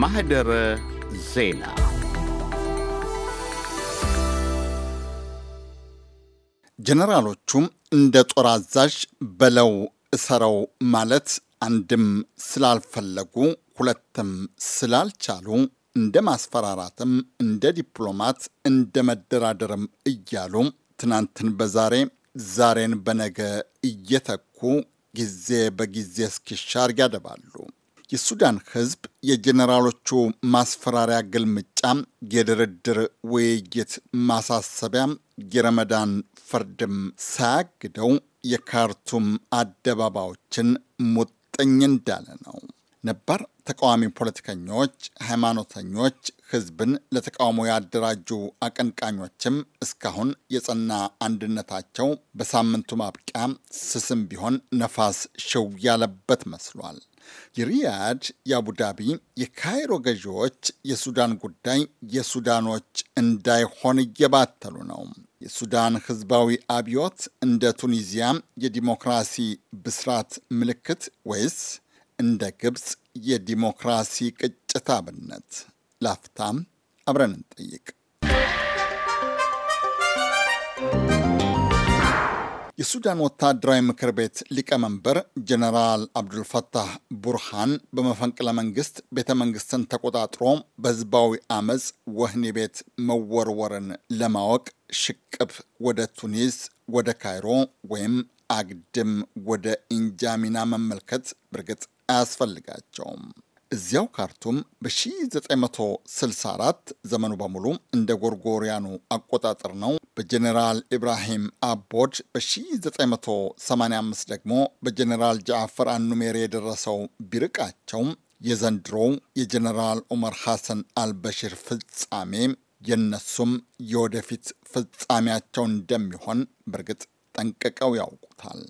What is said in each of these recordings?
ማህደረ ዜና ጀነራሎቹም እንደ ጦር አዛዥ በለው እሰረው ማለት አንድም ስላልፈለጉ ሁለትም ስላልቻሉ እንደ ማስፈራራትም እንደ ዲፕሎማት እንደ መደራደርም እያሉ ትናንትን በዛሬ ዛሬን በነገ እየተኩ ጊዜ በጊዜ እስኪሻር ያደባሉ። የሱዳን ህዝብ የጀኔራሎቹ ማስፈራሪያ ግልምጫ የድርድር ውይይት ማሳሰቢያ የረመዳን ፍርድም ሳያግደው የካርቱም አደባባዮችን ሙጥኝ እንዳለ ነው። ነባር ተቃዋሚ ፖለቲከኞች፣ ሃይማኖተኞች፣ ህዝብን ለተቃውሞ ያደራጁ አቀንቃኞችም እስካሁን የጸና አንድነታቸው በሳምንቱ ማብቂያ ስስም ቢሆን ነፋስ ሽው ያለበት መስሏል። የሪያድ፣ የአቡዳቢ፣ የካይሮ ገዢዎች የሱዳን ጉዳይ የሱዳኖች እንዳይሆን እየባተሉ ነው። የሱዳን ህዝባዊ አብዮት እንደ ቱኒዚያ የዲሞክራሲ ብስራት ምልክት ወይስ እንደ ግብፅ የዲሞክራሲ ቅጭት አብነት? ላፍታም አብረን እንጠይቅ። የሱዳን ወታደራዊ ምክር ቤት ሊቀመንበር ጀነራል አብዱልፈታህ ቡርሃን በመፈንቅለ መንግስት ቤተ መንግስትን ተቆጣጥሮ በህዝባዊ አመፅ ወህኒ ቤት መወርወርን ለማወቅ ሽቅብ ወደ ቱኒስ፣ ወደ ካይሮ ወይም አግድም ወደ ኢንጃሚና መመልከት ብርግጥ አያስፈልጋቸውም። እዚያው ካርቱም በ1964 ዘመኑ በሙሉ እንደ ጎርጎሪያኑ አቆጣጠር ነው። በጀኔራል ኢብራሂም አቦድ በ1985 ደግሞ በጀኔራል ጃፈር አኑሜር የደረሰው ቢርቃቸው የዘንድሮው የጀኔራል ዑመር ሐሰን አልበሽር ፍጻሜ የነሱም የወደፊት ፍጻሜያቸው እንደሚሆን በእርግጥ ጠንቅቀው ያውቁታል።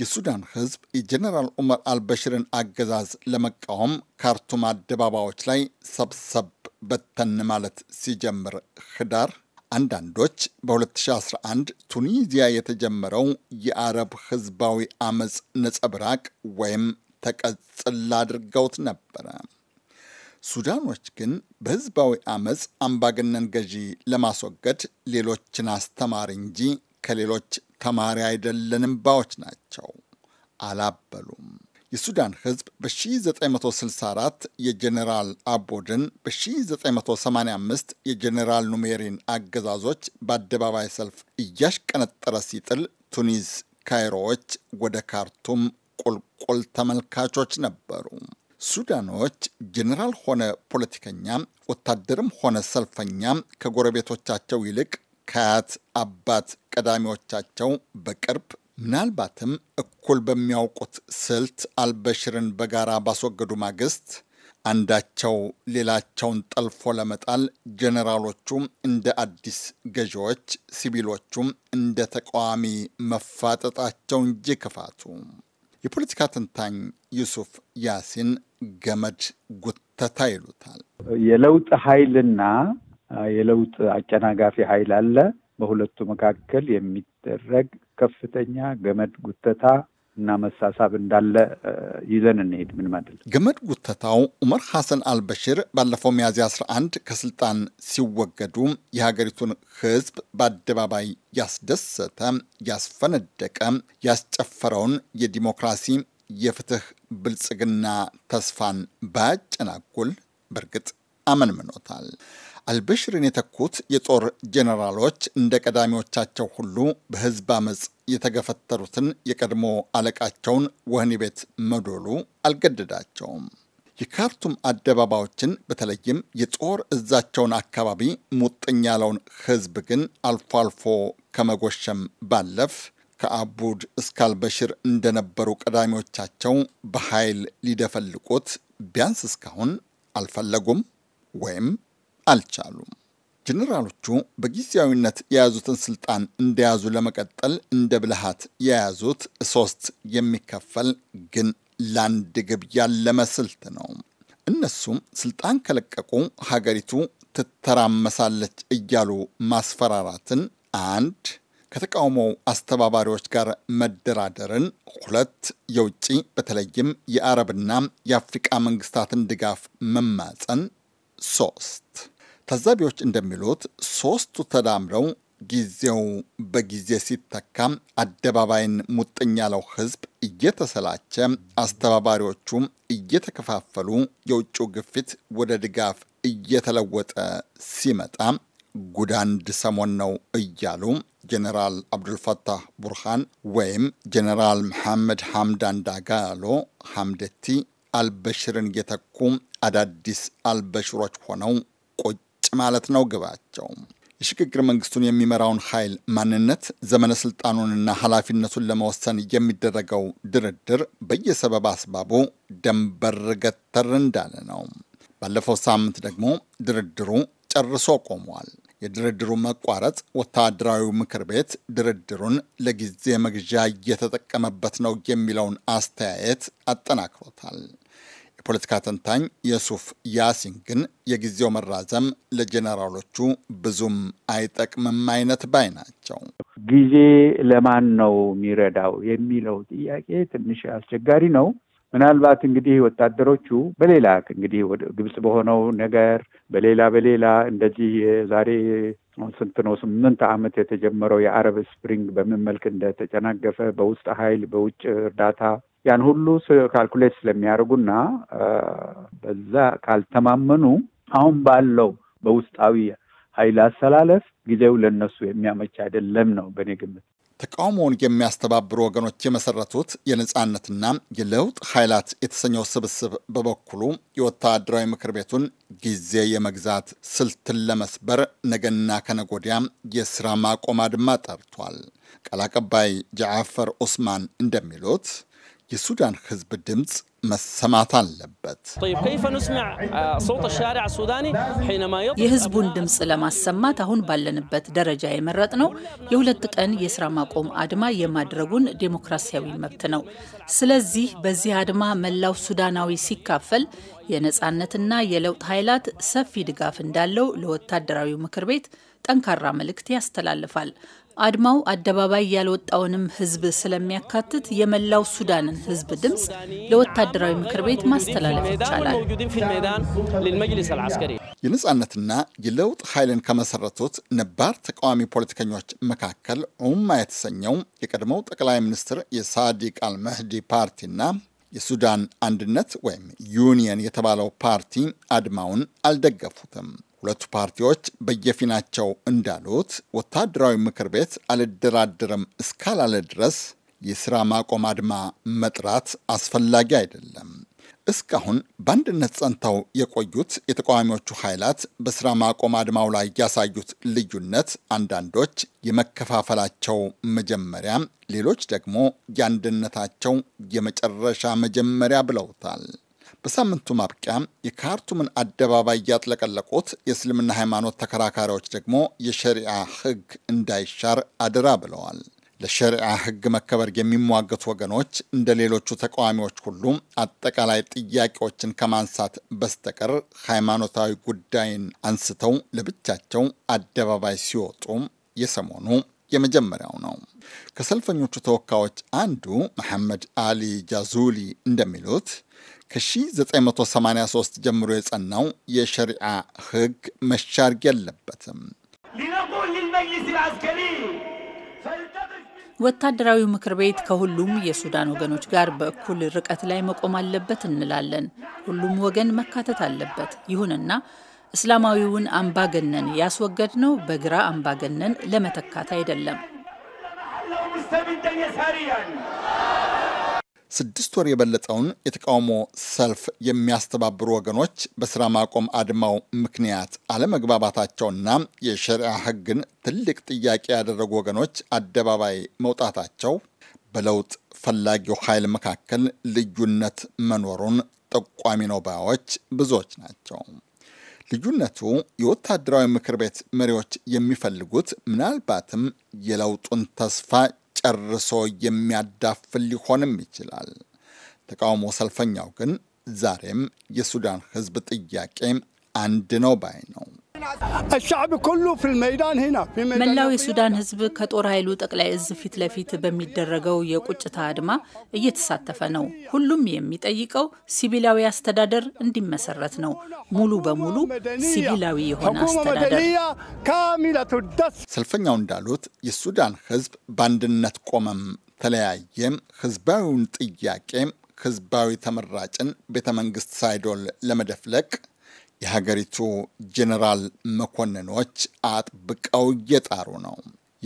የሱዳን ህዝብ የጀነራል ዑመር አልበሽርን አገዛዝ ለመቃወም ካርቱም አደባባዮች ላይ ሰብሰብ በተን ማለት ሲጀምር ህዳር አንዳንዶች በ2011 ቱኒዚያ የተጀመረው የአረብ ህዝባዊ አመፅ ነጸብራቅ ወይም ተቀጽል አድርገውት ነበረ። ሱዳኖች ግን በህዝባዊ አመፅ አምባገነን ገዢ ለማስወገድ ሌሎችን አስተማሪ እንጂ ከሌሎች ተማሪ አይደለንም ባዎች ናቸው። አላበሉም። የሱዳን ህዝብ በ1964 የጀኔራል አቦድን በ1985 የጀኔራል ኑሜሪን አገዛዞች በአደባባይ ሰልፍ እያሽቀነጠረ ሲጥል ቱኒስ ካይሮዎች ወደ ካርቱም ቁልቁል ተመልካቾች ነበሩ። ሱዳኖች ጀኔራል ሆነ ፖለቲከኛ፣ ወታደርም ሆነ ሰልፈኛ ከጎረቤቶቻቸው ይልቅ ካያት አባት ቀዳሚዎቻቸው በቅርብ ምናልባትም እኩል በሚያውቁት ስልት አልበሽርን በጋራ ባስወገዱ ማግስት አንዳቸው ሌላቸውን ጠልፎ ለመጣል ጀኔራሎቹም እንደ አዲስ ገዢዎች፣ ሲቪሎቹም እንደ ተቃዋሚ መፋጠጣቸው እንጂ ክፋቱ። የፖለቲካ ተንታኝ ዩሱፍ ያሲን ገመድ ጉተታ ይሉታል። የለውጥ ኃይልና የለውጥ አጨናጋፊ ኃይል አለ። በሁለቱ መካከል የሚደረግ ከፍተኛ ገመድ ጉተታ እና መሳሳብ እንዳለ ይዘን እንሄድ። ምን ማለት ገመድ ጉተታው? ዑመር ሐሰን አልበሽር ባለፈው ሚያዝያ 11 ከስልጣን ሲወገዱ የሀገሪቱን ሕዝብ በአደባባይ ያስደሰተ፣ ያስፈነደቀ፣ ያስጨፈረውን የዲሞክራሲ የፍትህ ብልጽግና ተስፋን ባያጨናጉል በእርግጥ አመንምኖታል። አልበሽርን የተኩት የጦር ጄኔራሎች እንደ ቀዳሚዎቻቸው ሁሉ በህዝብ አመፅ የተገፈተሩትን የቀድሞ አለቃቸውን ወህኒ ቤት መዶሉ አልገደዳቸውም። የካርቱም አደባባዮችን በተለይም የጦር እዛቸውን አካባቢ ሙጥኝ ያለውን ህዝብ ግን አልፎ አልፎ ከመጎሸም ባለፍ ከአቡድ እስከ አልበሽር እንደነበሩ ቀዳሚዎቻቸው በኃይል ሊደፈልቁት ቢያንስ እስካሁን አልፈለጉም ወይም አልቻሉም። ጀኔራሎቹ በጊዜያዊነት የያዙትን ስልጣን እንደያዙ ለመቀጠል እንደ ብልሃት የያዙት ሶስት የሚከፈል ግን ለአንድ ግብ ያለመ ስልት ነው። እነሱም ስልጣን ከለቀቁ ሀገሪቱ ትተራመሳለች እያሉ ማስፈራራትን፣ አንድ ከተቃውሞው አስተባባሪዎች ጋር መደራደርን፣ ሁለት የውጭ በተለይም የአረብና የአፍሪቃ መንግስታትን ድጋፍ መማፀን፣ ሶስት ታዛቢዎች እንደሚሉት ሶስቱ ተዳምረው ጊዜው በጊዜ ሲተካም አደባባይን ሙጥኝ ያለው ህዝብ እየተሰላቸ አስተባባሪዎቹም እየተከፋፈሉ የውጭው ግፊት ወደ ድጋፍ እየተለወጠ ሲመጣ ጉዳንድ ሰሞን ነው እያሉ ጀኔራል አብዱልፈታህ ቡርሃን ወይም ጀኔራል መሐመድ ሐምዳን ዳጋሎ ሐምደቲ አልበሽርን እየተኩ አዳዲስ አልበሽሮች ሆነው ቁጭ ማለት ነው ግባቸው። የሽግግር መንግስቱን የሚመራውን ኃይል ማንነት፣ ዘመነ ስልጣኑንና ኃላፊነቱን ለመወሰን የሚደረገው ድርድር በየሰበብ አስባቡ ደንበር ገተር እንዳለ ነው። ባለፈው ሳምንት ደግሞ ድርድሩ ጨርሶ ቆሟል። የድርድሩ መቋረጥ ወታደራዊ ምክር ቤት ድርድሩን ለጊዜ መግዣ እየተጠቀመበት ነው የሚለውን አስተያየት አጠናክሮታል። የፖለቲካ ተንታኝ የሱፍ ያሲን ግን የጊዜው መራዘም ለጄኔራሎቹ ብዙም አይጠቅምም አይነት ባይ ናቸው። ጊዜ ለማን ነው የሚረዳው የሚለው ጥያቄ ትንሽ አስቸጋሪ ነው። ምናልባት እንግዲህ ወታደሮቹ በሌላ እንግዲህ ግብጽ በሆነው ነገር በሌላ በሌላ እንደዚህ የዛሬ ስንት ነው ስምንት ዓመት የተጀመረው የአረብ ስፕሪንግ በምን መልክ እንደተጨናገፈ በውስጥ ኃይል በውጭ እርዳታ ያን ሁሉ ካልኩሌት ስለሚያደርጉና በዛ ካልተማመኑ አሁን ባለው በውስጣዊ ኃይል አሰላለፍ ጊዜው ለነሱ የሚያመች አይደለም ነው በእኔ ግምት። ተቃውሞውን የሚያስተባብሩ ወገኖች የመሰረቱት የነፃነትና የለውጥ ኃይላት የተሰኘው ስብስብ በበኩሉ የወታደራዊ ምክር ቤቱን ጊዜ የመግዛት ስልትን ለመስበር ነገና ከነጎዲያ የስራ ማቆም አድማ ጠርቷል። ቃል አቀባይ ጃዓፈር ኡስማን እንደሚሉት የሱዳን ህዝብ ድምፅ መሰማት አለበት። የህዝቡን ድምፅ ለማሰማት አሁን ባለንበት ደረጃ የመረጥ ነው የሁለት ቀን የስራ ማቆም አድማ የማድረጉን ዴሞክራሲያዊ መብት ነው። ስለዚህ በዚህ አድማ መላው ሱዳናዊ ሲካፈል የነፃነትና የለውጥ ኃይላት ሰፊ ድጋፍ እንዳለው ለወታደራዊ ምክር ቤት ጠንካራ መልእክት ያስተላልፋል። አድማው አደባባይ ያልወጣውንም ህዝብ ስለሚያካትት የመላው ሱዳንን ህዝብ ድምፅ ለወታደራዊ ምክር ቤት ማስተላለፍ ይቻላል። የለውጥ ኃይልን ከመሰረቱት ነባር ተቃዋሚ ፖለቲከኞች መካከል ዑማ የተሰኘው የቀድሞው ጠቅላይ ሚኒስትር የሳዲቅ አልመህዲ ፓርቲና የሱዳን አንድነት ወይም ዩኒየን የተባለው ፓርቲ አድማውን አልደገፉትም። ሁለቱ ፓርቲዎች በየፊናቸው እንዳሉት ወታደራዊ ምክር ቤት አልደራደርም እስካላለ ድረስ የሥራ ማቆም አድማ መጥራት አስፈላጊ አይደለም። እስካሁን በአንድነት ጸንተው የቆዩት የተቃዋሚዎቹ ኃይላት በሥራ ማቆም አድማው ላይ ያሳዩት ልዩነት አንዳንዶች የመከፋፈላቸው መጀመሪያ፣ ሌሎች ደግሞ የአንድነታቸው የመጨረሻ መጀመሪያ ብለውታል። በሳምንቱ ማብቂያ የካርቱምን አደባባይ ያጥለቀለቁት የእስልምና ሃይማኖት ተከራካሪዎች ደግሞ የሸሪዓ ህግ እንዳይሻር አደራ ብለዋል። ለሸሪዓ ህግ መከበር የሚሟገቱ ወገኖች እንደ ሌሎቹ ተቃዋሚዎች ሁሉ አጠቃላይ ጥያቄዎችን ከማንሳት በስተቀር ሃይማኖታዊ ጉዳይን አንስተው ለብቻቸው አደባባይ ሲወጡ የሰሞኑ የመጀመሪያው ነው። ከሰልፈኞቹ ተወካዮች አንዱ መሐመድ አሊ ጃዙሊ እንደሚሉት ከ1983 ጀምሮ የጸናው የሸሪዓ ሕግ መሻርግ የለበትም። ወታደራዊ ምክር ቤት ከሁሉም የሱዳን ወገኖች ጋር በእኩል ርቀት ላይ መቆም አለበት እንላለን። ሁሉም ወገን መካተት አለበት። ይሁንና እስላማዊውን አምባገነን ያስወገድ ነው በግራ አምባገነን ለመተካት አይደለም። ስድስት ወር የበለጠውን የተቃውሞ ሰልፍ የሚያስተባብሩ ወገኖች በስራ ማቆም አድማው ምክንያት አለመግባባታቸውና የሸሪያ ሕግን ትልቅ ጥያቄ ያደረጉ ወገኖች አደባባይ መውጣታቸው በለውጥ ፈላጊው ኃይል መካከል ልዩነት መኖሩን ጠቋሚ ነው ባዮች ብዙዎች ናቸው። ልዩነቱ የወታደራዊ ምክር ቤት መሪዎች የሚፈልጉት ምናልባትም የለውጡን ተስፋ ጨርሶ የሚያዳፍል ሊሆንም ይችላል። ተቃውሞ ሰልፈኛው ግን ዛሬም የሱዳን ሕዝብ ጥያቄ አንድ ነው ባይ ነው። መላው የሱዳን ህዝብ ከጦር ኃይሉ ጠቅላይ እዝ ፊት ለፊት በሚደረገው የቁጭታ አድማ እየተሳተፈ ነው። ሁሉም የሚጠይቀው ሲቪላዊ አስተዳደር እንዲመሰረት ነው። ሙሉ በሙሉ ሲቪላዊ የሆነ አስተዳደር። ሰልፈኛው እንዳሉት የሱዳን ህዝብ በአንድነት ቆመም ተለያየም ሕዝባዊውን ጥያቄ ህዝባዊ ተመራጭን ቤተ መንግስት ሳይዶል ለመደፍለቅ የሀገሪቱ ጄኔራል መኮንኖች አጥብቀው እየጣሩ ነው።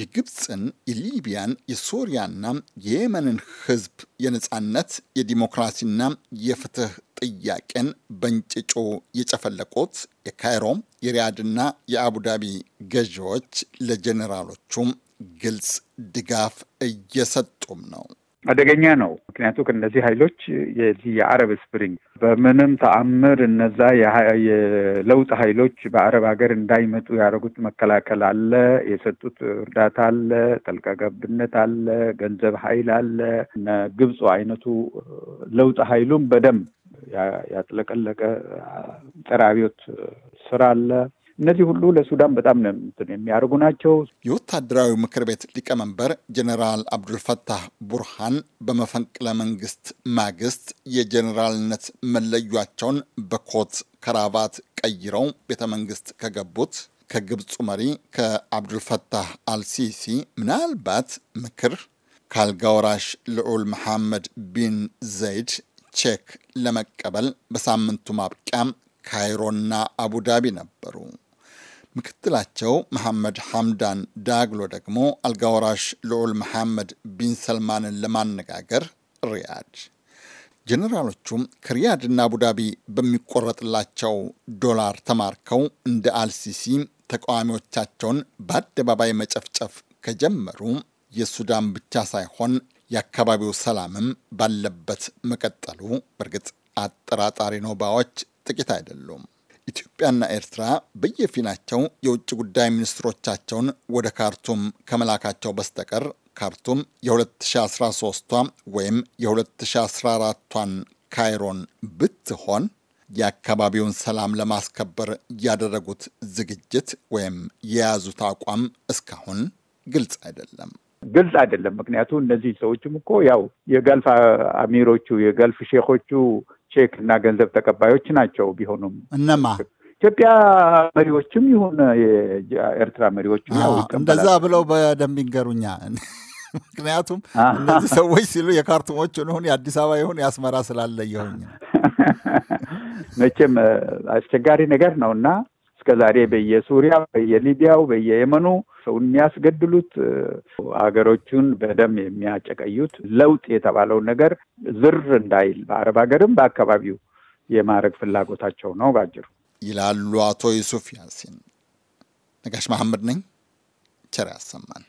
የግብፅን፣ የሊቢያን፣ የሶሪያና የየመንን ህዝብ የነፃነት የዲሞክራሲና የፍትህ ጥያቄን በእንጭጩ የጨፈለቁት የካይሮ የሪያድና የአቡዳቢ ገዢዎች ለጄኔራሎቹም ግልጽ ድጋፍ እየሰጡም ነው። አደገኛ ነው። ምክንያቱ ከእነዚህ ኃይሎች የዚህ የአረብ ስፕሪንግ በምንም ተአምር እነዛ የለውጥ ኃይሎች በአረብ ሀገር እንዳይመጡ ያደረጉት መከላከል አለ፣ የሰጡት እርዳታ አለ፣ ጠልቃ ገብነት አለ፣ ገንዘብ ኃይል አለ። እነ ግብፁ አይነቱ ለውጥ ኃይሉም በደንብ ያጥለቀለቀ ጠራቢዎት ስራ አለ። እነዚህ ሁሉ ለሱዳን በጣም ነው የሚያደርጉ ናቸው። የወታደራዊ ምክር ቤት ሊቀመንበር ጀኔራል አብዱልፈታህ ቡርሃን በመፈንቅለ መንግስት ማግስት የጀኔራልነት መለያቸውን በኮት ከራባት ቀይረው ቤተ መንግስት ከገቡት ከግብፁ መሪ ከአብዱልፈታህ አልሲሲ ምናልባት ምክር ከአልጋ ልዑል መሐመድ ቢን ዘይድ ቼክ ለመቀበል በሳምንቱ ማብቂያም ካይሮና አቡዳቢ ነበሩ። ምክትላቸው መሐመድ ሐምዳን ዳግሎ ደግሞ አልጋወራሽ ልዑል መሐመድ ቢን ሰልማንን ለማነጋገር ሪያድ ጀኔራሎቹም ከሪያድና አቡዳቢ በሚቆረጥላቸው ዶላር ተማርከው እንደ አልሲሲ ተቃዋሚዎቻቸውን በአደባባይ መጨፍጨፍ ከጀመሩ የሱዳን ብቻ ሳይሆን የአካባቢው ሰላምም ባለበት መቀጠሉ በእርግጥ አጠራጣሪ ነው ባዎች ጥቂት አይደሉም። ኢትዮጵያና ኤርትራ በየፊናቸው የውጭ ጉዳይ ሚኒስትሮቻቸውን ወደ ካርቱም ከመላካቸው በስተቀር ካርቱም የ2013ቷ ወይም የ2014ቷን ካይሮን ብትሆን የአካባቢውን ሰላም ለማስከበር ያደረጉት ዝግጅት ወይም የያዙት አቋም እስካሁን ግልጽ አይደለም። ግልጽ አይደለም። ምክንያቱ እነዚህ ሰዎችም እኮ ያው የገልፍ አሚሮቹ የገልፍ ሼኮቹ ቼክ እና ገንዘብ ተቀባዮች ናቸው። ቢሆኑም እነማ ኢትዮጵያ መሪዎችም ይሁን የኤርትራ መሪዎች እንደዛ ብለው በደንብ ይንገሩኛ። ምክንያቱም እነዚህ ሰዎች ሲሉ የካርቱሞችን ይሁን የአዲስ አበባ ይሁን የአስመራ ስላለየሁኝ መቼም አስቸጋሪ ነገር ነው እና እስከ ዛሬ በየሱሪያ በየሊቢያው በየየመኑ ሰው የሚያስገድሉት፣ ሀገሮቹን በደም የሚያጨቀዩት ለውጥ የተባለው ነገር ዝር እንዳይል በአረብ ሀገርም በአካባቢው የማድረግ ፍላጎታቸው ነው ባጭሩ ይላሉ አቶ ዩሱፍ ያሲን። ነጋሽ መሐመድ ነኝ። ቸር ያሰማን።